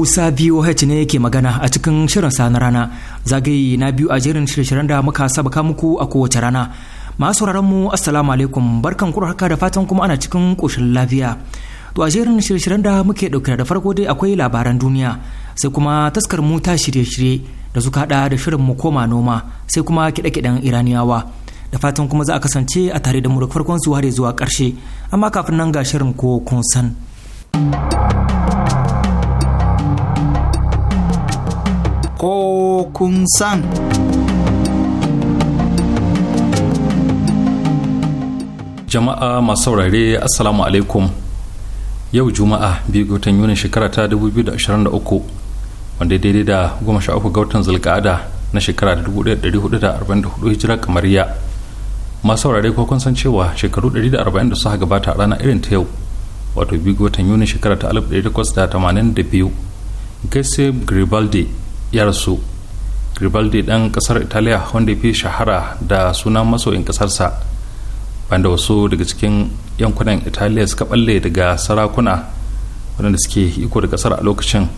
Hausa VOH ne yake magana a cikin shirin sa na rana zagaye na biyu a jerin shirye-shiryen da muka saba muku a kowace rana. Masu mu Assalamu alaikum barkan kura haka da fatan kuma ana cikin koshin lafiya. To a jerin shirye-shiryen da muke ɗauke da farko dai akwai labaran duniya sai kuma taskar mu ta shirye-shirye da suka haɗa da shirin mu koma noma sai kuma kiɗe-kiɗen Iraniyawa. Da fatan kuma za a kasance a tare da mu da farkon zuwa zuwa ƙarshe amma kafin nan ga shirin ko kun san. ko kun san. Jama'a masu saurare Assalamu alaikum yau Juma'a biyu ga watan Yunin shekara ta 2023 wanda daidai da goma sha uku ga watan zulka'ada na shekara da 1444 hijira kamariya masu saurare ko kun san cewa shekaru 140 da suka gabata a ranar irin ta yau wato biyu ga watan Yunin shekara ta 1882 Giuseppe Garibaldi ya rasu gribaldi ɗan ƙasar italiya wanda fi shahara da sunan masoyin ƙasarsa banda wasu daga cikin yankunan italiya suka balle daga sarakuna waɗanda suke iko da ƙasar a lokacin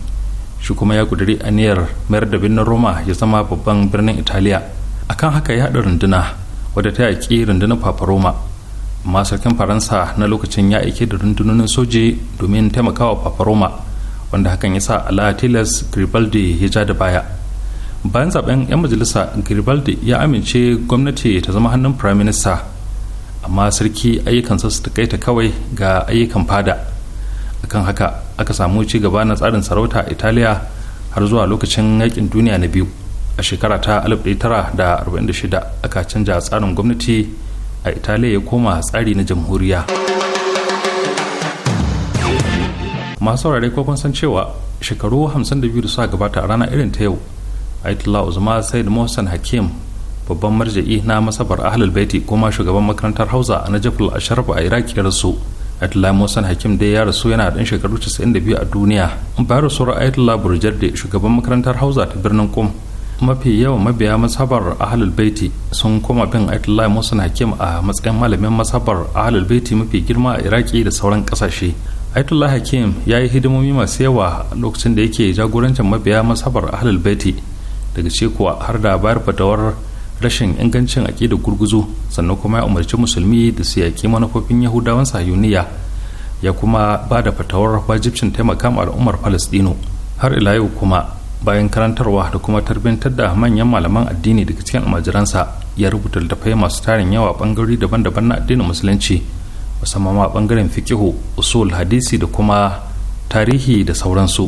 shi kuma ya ƙudiri aniyar mayar da birnin roma ya zama babban birnin italiya akan haka ya haɗa runduna wadda ta yaƙi rundunar papa roma amma sarkin faransa na lokacin ya aike da rundunonin soji domin taimakawa papa roma wanda hakan ya sa ala tilas gribaldi ya ja da baya bayan zaben 'yan majalisa gribaldi ya amince gwamnati ta zama hannun prime minister amma sarki ayyukansa su takaita kawai ga ayyukan fada akan haka aka samu ci gaba na tsarin sarauta italiya har zuwa lokacin yakin duniya na biyu a shekara ta 1946 aka canja tsarin gwamnati a italiya ya koma tsari na jamhuriya. masu saurare ko kun san cewa shekaru 52 da suka gabata a rana irin ta yau Aitullah Uzma Said Mohsen Hakim babban marja'i na masabar Ahlul Baiti kuma shugaban makarantar Hausa a Najaful Asharaf a Iraq ya rasu Aitullah Mohsen Hakim dai ya rasu yana ɗan shekaru 92 a duniya an bayar rasuwar Aitullah Burjardi shugaban makarantar Hausa ta birnin kum mafi yawan mabiya masabar ahalul baiti sun koma bin Ayatollah Musa Hakim a matsayin malamin masabar ahalul baiti mafi girma a Iraki da sauran kasashe. Ayatollah Hakim ya yi hidimomi masu yawa lokacin da yake jagorancin mabiya masabar ahalul baiti daga ce har da bayar fatawar rashin ingancin aƙidar gurguzu sannan kuma ya umarci musulmi da su yaƙi manufofin yahudawan sahiyuniya ya kuma ba da fatawar wajibcin taimaka al'ummar falastino har ila yau kuma bayan karantarwa da kuma tarbintar da manyan malaman addini daga cikin almajiransa ya rubuta littattafai masu tarin yawa bangarori daban-daban na addinin musulunci musamman ma bangaren fikihu usul hadisi da kuma tarihi da sauransu.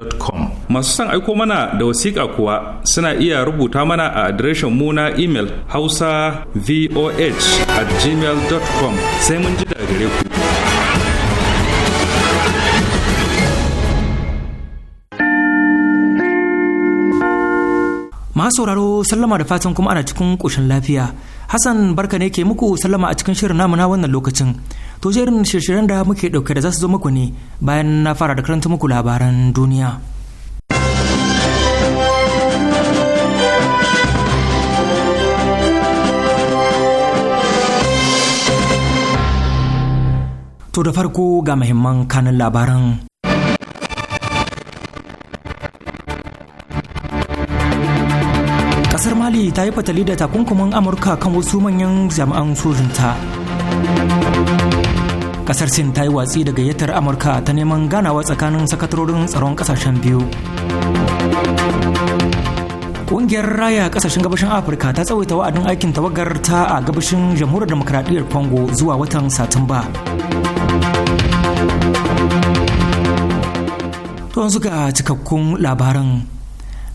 masu son aiko mana da wasiƙa kuwa suna iya rubuta mana a adireshin mu na imel hausa voh at gmail.com sai mun ji gare ku. masu sauraro sallama da fatan kuma ana cikin ƙoshin lafiya hassan barka ne ke muku sallama a cikin shirin namu na wannan lokacin to jerin shirye da muke ɗauke da za su zo muku ne bayan na fara da karanta muku labaran duniya To da farko ga muhimman kanin labaran. Kasar Mali ta yi fatali da takunkumin Amurka kan wasu manyan jami'an sojinta. Ƙasar Sin ta yi watsi da gayyatar Amurka ta neman ganawa tsakanin sakatarorin tsaron kasashen biyu. Ƙungiyar raya ƙasashen gabashin Afirka ta tsawaita wa'adin aikin tawagar ta a gabashin jamhuriyar demokradiyyar Congo zuwa watan Satumba. to yanzu ga cikakkun labaran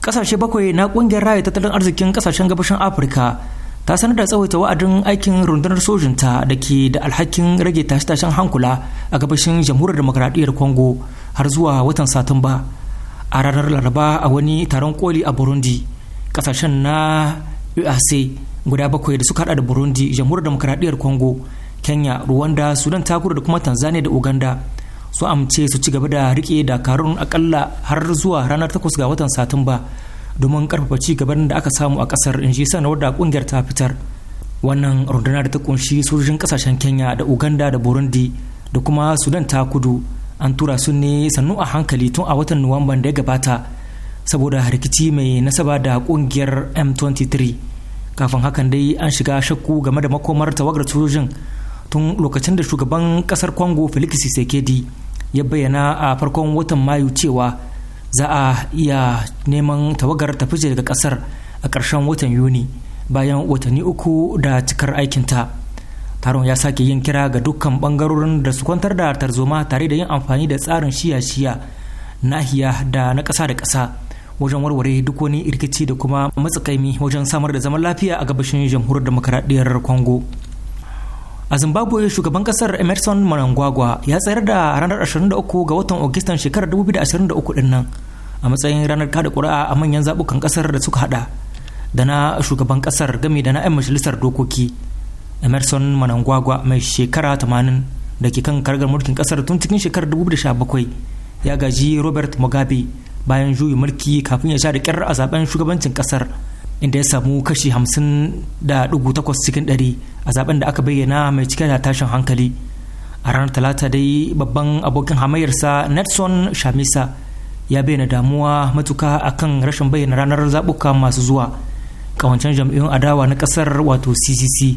kasashe bakwai na kungiyar raya tattalin arzikin kasashen gabashin afirka ta sanar da tsawaita wa'adin aikin rundunar sojinta da ke da alhakin rage tashe-tashen hankula a gabashin jamhuriyar demokradiyyar congo har zuwa watan satumba a ranar laraba a wani taron koli a burundi kasashen na uac guda bakwai da suka hada da burundi jamhuriyar demokradiyyar congo kenya rwanda sudan takura da kuma tanzania da uganda su amce su ci gaba da rike dakarun akalla har zuwa ranar 8 ga watan satumba domin karfafa ci gaban da aka samu a kasar in ji sanarwar da kungiyar ta fitar wannan rundunar da ta kunshi sojojin kasashen kenya da uganda da burundi da kuma sudan ta kudu an tura su ne sannu a hankali tun a watan nuwamba da ya gabata saboda rikici mai nasaba da kungiyar m23 kafin hakan dai an shiga shakku game da makomar tawagar sojojin tun lokacin da shugaban kasar congo felix sekedi ya bayyana a farkon watan mayu cewa za a iya neman tawagar tafi daga kasar a ƙarshen watan yuni bayan watanni uku da cikar aikinta taron ya sake yin kira ga dukkan bangarorin da su kwantar da tarzoma tare da yin amfani da tsarin shiya-shiya nahiya da na ƙasa da ƙasa wajen warware duk wani rikici da kuma matsakaimi wajen samar da zaman lafiya a gabashin jamhuriyar demokaradiyyar congo a zimbabwe shugaban kasar emerson manangwagwa ya tsayar da ranar 23 ga watan agustan shekarar 2023 din nan a matsayin ranar kada kuri'a a manyan zabukan kasar da suka hada da na shugaban kasar game da na 'yan majalisar dokoki emerson manangwagwa mai shekara 80 da ke kan kargar mulkin kasar tun cikin shekarar 2017 ya gaji robert mugabe bayan juyi mulki kafin ya sha da kyar a zaben shugabancin kasar inda ya samu kashi hamsin da 50.8 cikin 100 a zaben da aka bayyana mai cike da tashin hankali a ranar talata dai babban abokin hamayyarsa nelson shamisa ya bayyana damuwa matuka akan rashin bayyana ranar zabuka masu zuwa kawancen jam'iyyun adawa na kasar wato ccc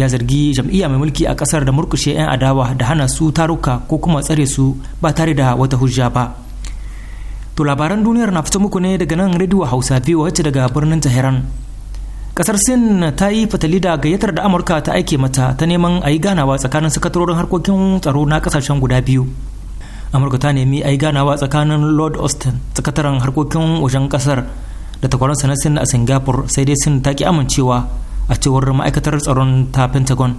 ya zargi jam'iyya mai mulki a kasar da murkushe 'yan adawa da hana su taruka ko kuma tsare su ba tare da wata hujja ba To labaran duniyar na fito muku ne daga nan rediyo Hausa biyu wacce daga birnin Tehran. Kasar Sin ta yi fatali da gayyatar da Amurka ta aike mata ta neman a yi ganawa tsakanin sakatarorin harkokin tsaro na kasashen guda biyu. Amurka ta nemi a yi ganawa tsakanin Lord Austin sakataren harkokin wajen kasar da takwaransa na Sin a Singapore sai dai Sin ta ki amincewa a cewar ma'aikatar tsaron ta Pentagon.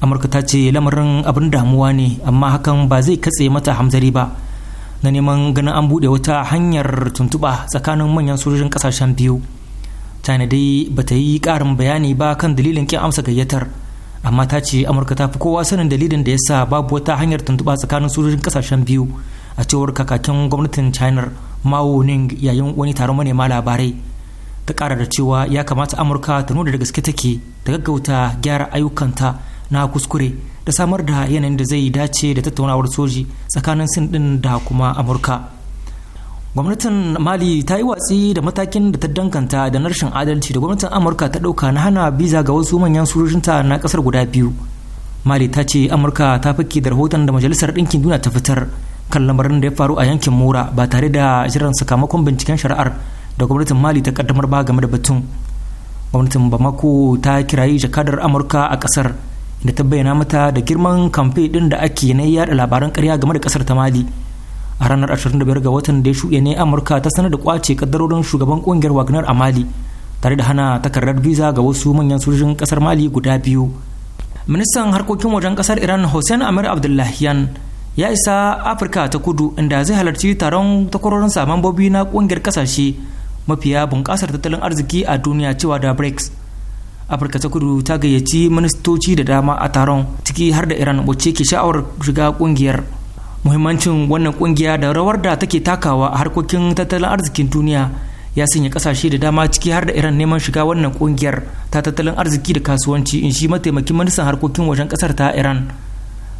Amurka ta ce lamarin abin damuwa ne amma hakan ba zai katse mata hamzari ba. na neman ganin an buɗe wata hanyar tuntuɓa tsakanin manyan sojojin kasashen biyu china dai ba ta yi ƙarin bayani ba kan dalilin ƙin amsa gayyatar amma ta ce amurka ta fi kowa sanin dalilin da ya sa babu wata hanyar tuntuɓa tsakanin sojojin kasashen biyu a cewar kakakin gwamnatin china mao ning yayin wani taron manema labarai ta ƙara da cewa ya kamata amurka ta nuna da gaske take ta gaggauta gyara ayyukanta na kuskure da samar da yanayin da zai dace da tattaunawar soji tsakanin sin din da kuma amurka gwamnatin mali ta yi watsi da matakin da ta danganta da narshin adalci da gwamnatin amurka ta ɗauka na hana biza ga wasu manyan sojojinta na kasar guda biyu mali ta ce amurka ta fake da rahoton da majalisar ɗinkin duniya ta fitar kan lamarin da ya faru a yankin mora ba tare da jiran sakamakon binciken shari'ar da gwamnatin mali ta kaddamar ba game da batun gwamnatin bamako ta kirayi jakadar amurka a kasar. da ta bayyana mata da girman kamfe din da ake na yaɗa labaran karya game da ƙasar ta mali a ranar 25 ga watan da ya shuɗe ne amurka ta sanar da kwace kaddarorin shugaban ƙungiyar wagner a mali tare da hana takardar visa ga wasu manyan sojojin ƙasar mali guda biyu ministan harkokin wajen ƙasar iran hussein amir abdullahiyan ya isa afirka ta kudu inda zai halarci taron takwarorin saman bobi na ƙungiyar ƙasashe mafiya bunƙasar tattalin arziki a duniya cewa da brics afirka ta kudu ta gayyaci ministoci da dama a taron ciki har da iran wacce ke sha'awar shiga kungiyar muhimmancin wannan kungiya da rawar da take takawa a harkokin tattalin arzikin duniya ya sanya kasashe da dama ciki har da iran neman shiga wannan kungiyar ta tattalin arziki da kasuwanci in shi mataimakin ministan harkokin wajen kasar ta iran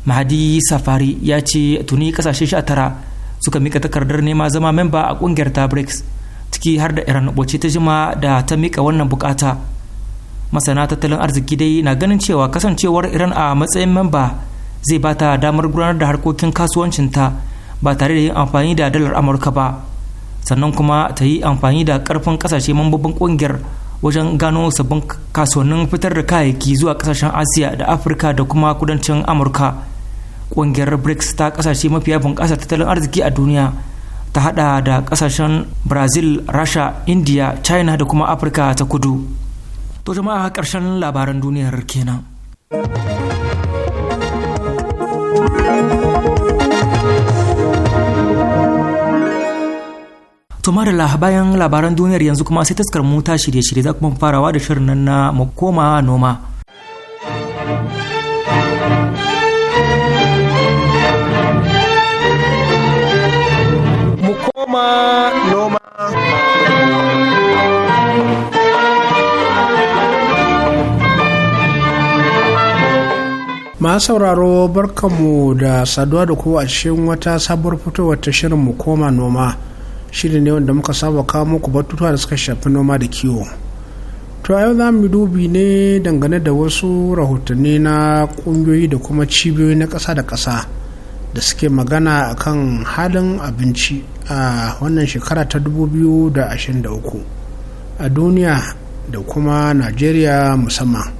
mahadi safari ya ce tuni kasashe sha tara suka mika takardar nema zama memba a kungiyar ta brics ciki har da iran wacce ta jima da ta mika wannan bukata masana tattalin arziki dai na ganin cewa kasancewar iran a matsayin memba zai bata damar gudanar da harkokin kasuwancinta ba tare da yin amfani da dalar amurka ba sannan kuma ta yi amfani da karfin kasashe mambobin kungiyar wajen gano sabbin kasuwannin fitar da kayayyaki zuwa kasashen asiya da afirka da kuma kudancin amurka kungiyar brics ta kasashe mafiya bunƙasa tattalin arziki a duniya ta hada da kasashen brazil rasha india china da kuma afirka ta kudu to jama'a ƙarshen labaran duniyar kenan. To bayan labaran duniyar yanzu kuma sai taskar mu ta shirye-shirye za kuma farawa da shirin nan na mu noma. Mu koma noma. sauraro barkanmu da saduwa da kowa a cikin wata sabuwar fitowar ta shirin mu koma noma shirin ne wanda muka saba kawo muku batutuwa da suka shafi noma da kiwo to yau za mu dubi ne dangane da wasu rahotanni na kungiyoyi da kuma cibiyoyi na ƙasa da kasa da suke magana a kan halin abinci a wannan shekara ta 2023 a duniya da kuma najeriya musamman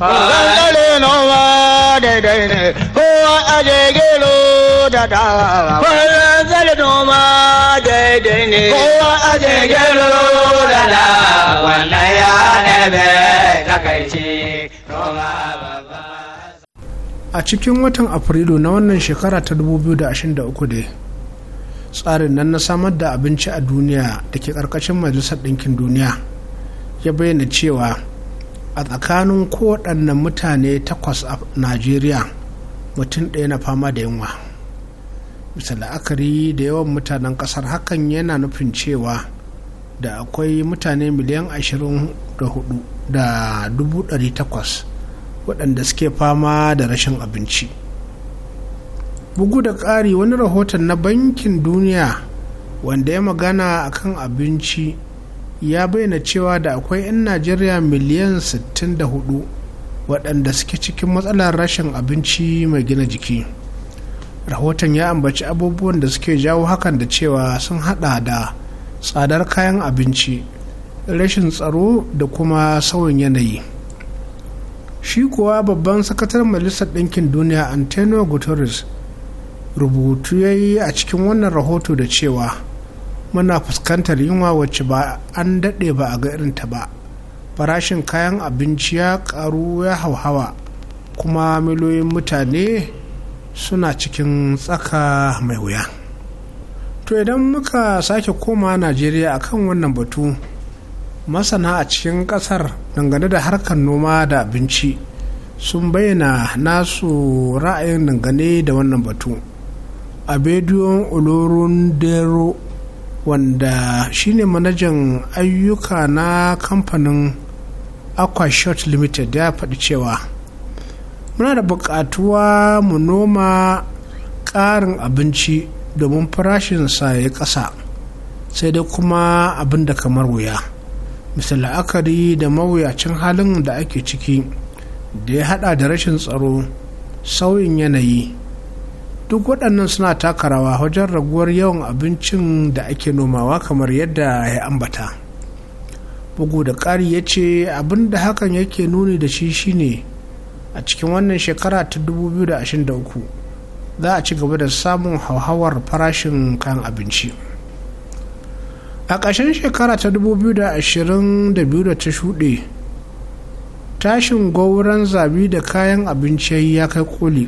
Zangare noma daidai ne, kowa aje gero da dawa. Zangare noma daidai ne, kowa aje gero da dawa. Wannan ya ɗabe takaici noma babba. A cikin watan Afrilu na wannan shekara ta 2023 dai. tsarin nan na samar da abinci a duniya da ke ƙarƙashin majalisar ɗinkin duniya ya bayyana cewa a tsakanin kowaɗannan mutane takwas a najeriya mutum ɗaya na fama da yunwa bisa la'akari da yawan mutanen ƙasar hakan yana nufin cewa da akwai mutane miliyan 24 da 800 waɗanda suke fama da rashin abinci bugu da ƙari wani rahoton na bankin duniya wanda ya magana akan abinci ya bayyana cewa da akwai 'yan najeriya miliyan 64 waɗanda suke cikin matsalar rashin abinci mai gina jiki rahoton ya ambaci abubuwan da suke jawo hakan da cewa sun hada da tsadar kayan abinci rashin tsaro da kuma sauyin yanayi shi kuwa babban sakatar majalisar ɗinkin duniya antonio guterres rubutu ya yi a cikin wannan rahoto da cewa muna fuskantar yunwa wacce ba an daɗe ba a ga irin ta ba farashin kayan abinci ya ƙaru ya hauhawa kuma miliyoyin mutane suna cikin tsaka mai wuya to idan muka sake koma najeriya a kan wannan batu masana a cikin ƙasar dangane da harkar noma da abinci sun bayyana nasu ra'ayin dangane da wannan batu a bediyon olorun dero wanda shine manajan ayyuka na kamfanin short limited ya faɗi cewa muna da buƙatuwa mu noma ƙarin abinci domin farashinsa ya ƙasa sai dai kuma abin da kamar wuya misali la'akari da mawuyacin halin da ake ciki da ya haɗa da rashin tsaro sauyin yanayi duk waɗannan suna taka rawa wajen raguwar yawan abincin da ake nomawa kamar yadda ya ambata bugu da ƙari ya ce abin da hakan yake nuni da shi shine a cikin wannan shekara ta 2023 za a ci gaba da samun hauhawar farashin kayan abinci a ƙarshen shekara ta 2022 da ta shuɗe tashin gwauran zabi da kayan abinci ya kai koli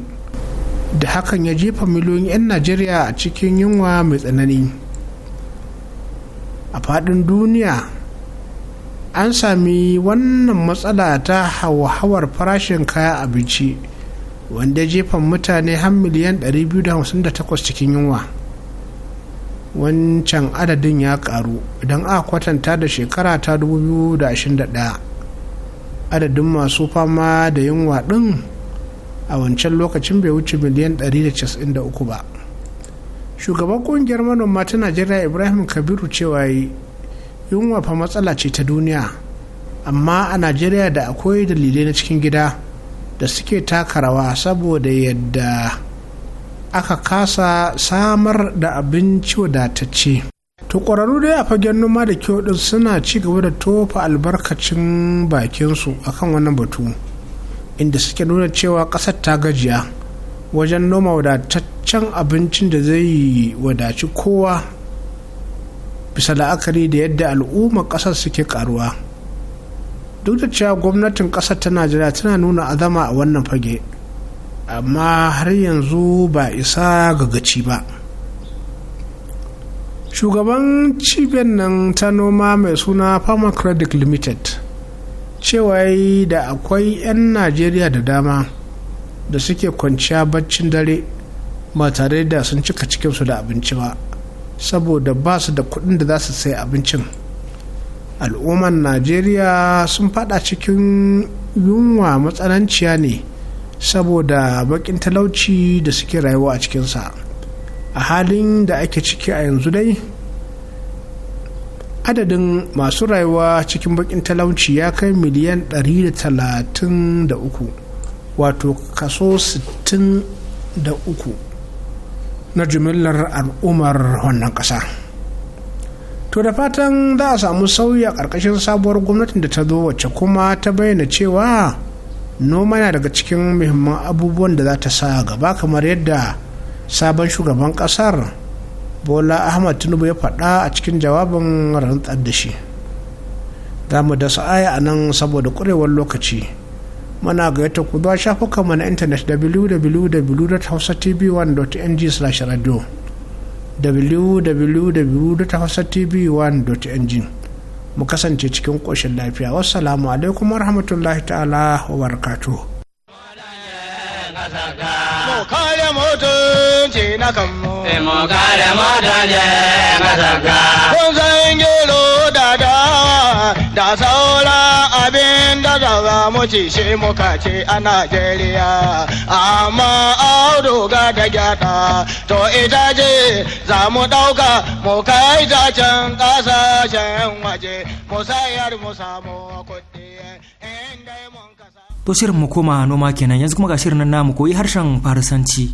da hakan ya jefa miliyoyin 'yan najeriya a cikin yunwa mai tsanani a faɗin duniya an sami wannan matsala ta hauhawar farashin kaya abinci wanda jefa mutane har miliyan 258 cikin yunwa wancan adadin ya karu idan a kwatanta da shekara ta 2021 adadin masu fama da yunwa ɗin a wancan lokacin bai wuce miliyan 193 ba shugaban kungiyar manoma ta najeriya ibrahim kabiru cewa yunwa fa matsala ce ta duniya amma a najeriya da akwai dalilai na cikin gida da suke taka rawa saboda yadda aka kasa samar da abinci wadatacce to dai a fagen noma da kyau din suna ci gaba da tofa albarkacin bakinsu akan wannan batu inda suke nuna cewa ƙasar ta gajiya wajen noma wadataccen abincin da zai wadaci kowa bisa la'akari da yadda al'ummar ƙasar suke karuwa duk da cewa gwamnatin ƙasar ta najeriya tana nuna azama a wannan fage amma har yanzu ba isa ga gaci ba shugaban cibiyar nan ta noma mai suna farmer credit limited cewa da akwai 'yan najeriya da dama da suke kwanciya baccin dare ba tare da sun cika cikinsu da abinci ba saboda ba su da kuɗin da za su sai abincin al'ummar najeriya sun fada cikin yunwa matsananciya ne saboda bakin talauci da suke rayuwa a cikinsa a halin da ake ciki a yanzu dai adadin masu rayuwa cikin bakin talauci ya kai miliyan 133 wato kaso 63 na jimillar al'ummar wannan ƙasa to da fatan za a samu sauyi a ƙarƙashin sabuwar gwamnatin da ta zo wacce kuma ta bayyana cewa noma na daga cikin muhimman abubuwan da za ta sa gaba kamar yadda sabon shugaban ƙasar bola ahmad tinubu ya faɗa a cikin jawabin rantsar da shi za mu da sa'aya a nan saboda ƙurewar lokaci muna gayyata ku zuwa shafukan na intanet www.hausatv1.ng slash radio www.hausatv1.ng mu kasance cikin ƙoshin lafiya wasu alaikum rahmatullahi ta'ala wa barakatuhu kare mutunci na kanmu. Mu kare ce na kanka. Kun san gero da dawa da saura abin da za mu ci shi muka ce a Najeriya. Amma ga da gyada to ita ce za mu ɗauka mu kai ta can ƙasashen waje mu sayar mu samu kuɗi. To shirin mu koma noma kenan yanzu kuma ga shirin nan namu koyi harshen Farisanci.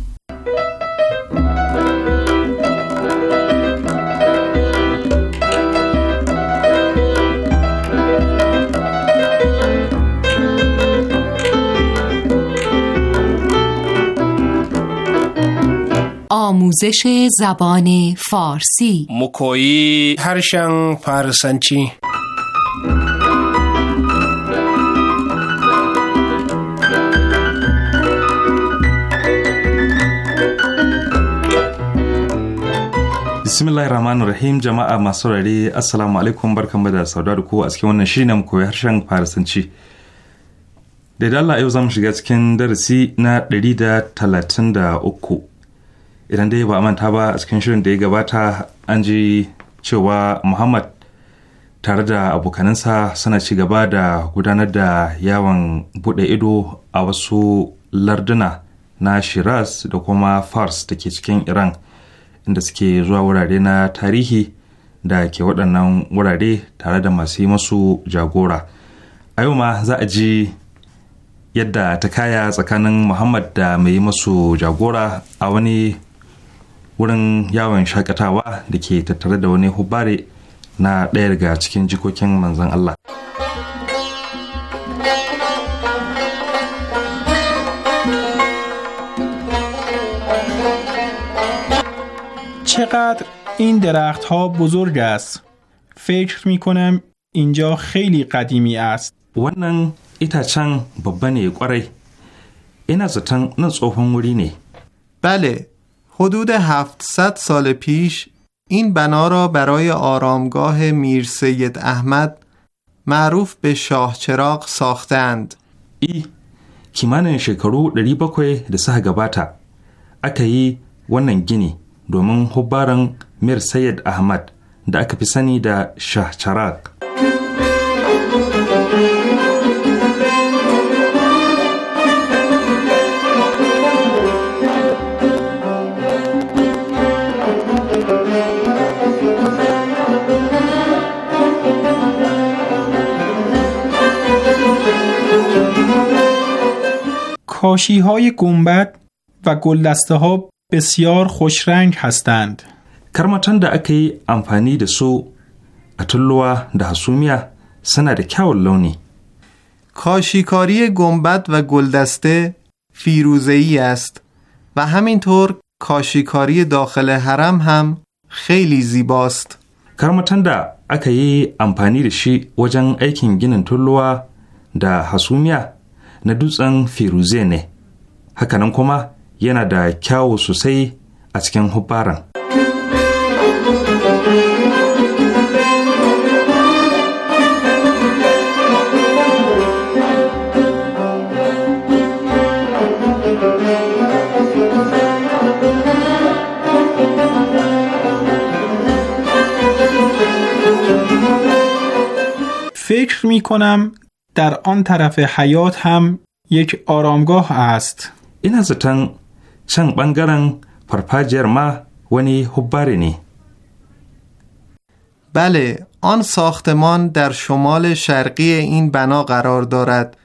آموزش زبان فارسی مکویی هرشن فارسنچی bismillahir rahmanir rahim jama'a masu rare assalamu alaikum barkanmu da sauda da ku a cikin wannan shiri na mu koyi harshen farisanci da dalla yau zamu shiga cikin darasi na ɗari da da uku idan dai ba a manta ba a cikin shirin da ya gabata an ji cewa muhammad tare da abokanansa suna ci gaba da gudanar da yawon buɗe ido a wasu larduna na shiraz da kuma fars da ke cikin iran da suke zuwa wurare na tarihi da ke waɗannan wurare tare da masu yi masu jagora a yau ma za a ji yadda ta kaya tsakanin muhammad da mai yi masu jagora a wani wurin yawon shakatawa da ke tattare da wani hubare na ɗaya daga cikin jikokin manzon allah چقدر این درخت ها بزرگ است فکر می کنم اینجا خیلی قدیمی است wannan itacen babba ne kwarai ina zaton nan tsohon wuri ne بله حدود 700 سال پیش این بنا را برای آرامگاه میر سید احمد معروف به شاه چراغ ساختند ای کیمان شکرو 700 بکوی suka گباتا اکایی ونن گینی domin hubbaran mir sayyid ahmad da aka fi sani da shah charak کاشی های گنبد و گلدسته ها بسیار رنگ هستند کرمچن دا اکی امفانی دا سو اتلوه دا حسومیا سنا دا لونی کاشیکاری گنبد و گلدسته فیروزه‌ای است و همینطور کاشیکاری داخل حرم هم خیلی زیباست کرمچن دا اکی امفانی دا شی جن ایکین گینن تلوه دا حسومیا ندوزن فیروزه نه ne کما yana da kyawu sosai a cikin hubbaran. فکر می کنم در آن طرف حیات هم یک آرامگاه است. این از تن can ɓangaren farfajiyar ma wani hubbari ne. Bale, آن ساختمان در شمال شرقی این بنا قرار دارد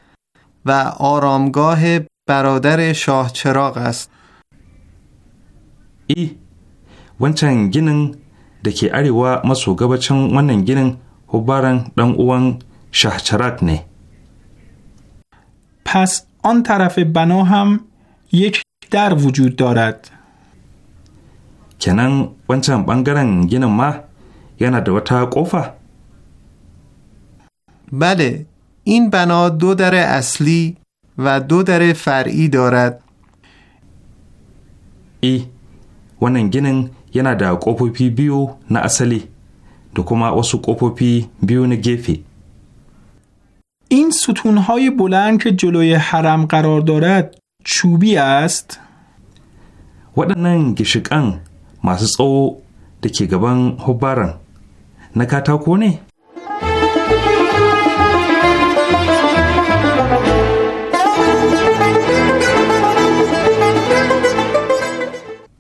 و آرامگاه برادر شاه چراغ است ای wancan ginin da ke arewa maso gabacin wannan ginin hubbaran dan uwan شاه ne پس آن طرف بنا هم یک در وجود دارد کنن ونچن بانگرن گینن ما یعنی دو تا کوفه. بله این بنا دو در اصلی و دو در فرعی دارد ای wannan ginin yana da ƙofofi بیو na اصلی da kuma wasu ƙofofi biyu na gefe. این ستونهای بلند که جلوی حرم قرار دارد چوبی است؟ وادا نان گشکان ماسوس او دکیگابان هوباران نکاتاو کنه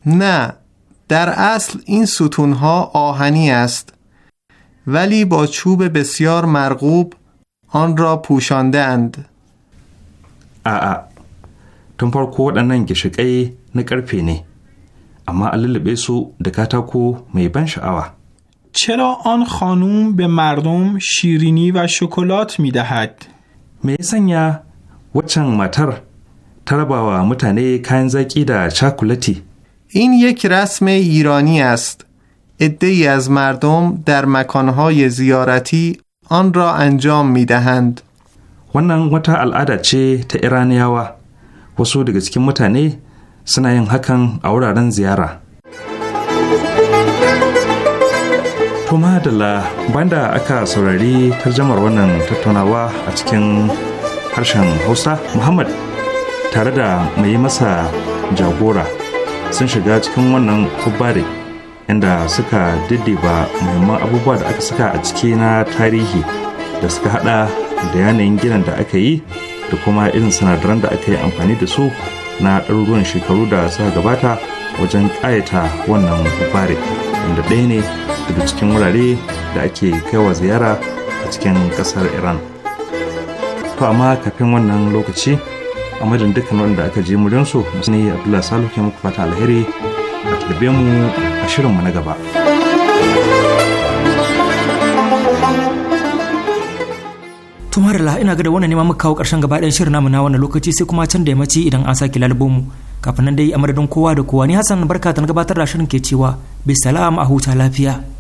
نه در اصل این ستونها آهنی است ولی با چوب بسیار مرغوب آن را پوشاندند آآ تماشای کوتان نان na ƙarfe ne, amma a lullube su da katako mai ban sha'awa. Cera on hannun be mardum shirini va shokolat mi dahad? Me sanya waccan matar ta rabawa mutane kayan zaƙi da cakulati. In yake rasme irani است. ادهی از مردم در مکانهای زیارتی آن را انجام می دهند. wannan wata al'ada ce ta iraniyawa wasu daga cikin mutane suna yin hakan a wuraren ziyara kuma da banda aka saurari tarjamar wannan tattaunawa a cikin harshen hausa muhammad tare da mai yi masa jagora sun shiga cikin wannan kubare inda suka diddiba muhimman abubuwa da aka saka a ciki na tarihi da suka hada da yanayin ginin da aka yi da kuma irin sinadaran da aka yi amfani da su na ɗaruruwan shekaru da suka gabata wajen ƙayata wannan fare wanda ɗaya ne daga cikin wurare da ake kaiwa ziyara a cikin ƙasar iran to amma kafin wannan lokaci a madin dukkan wanda aka je murinsu ne abdullahi salu ke muku fata alheri a tarbe mu a shirinmu na gaba. tumar la ina ga da wannan ne ma muka kawo karshen gaba ɗayan shirin namu na wannan lokaci sai kuma can da ya mace idan an sake lalubo mu kafin nan dai a madadin kowa da kowa ni Hassan barka ta gabatar da shirin ke cewa bisalam a huta lafiya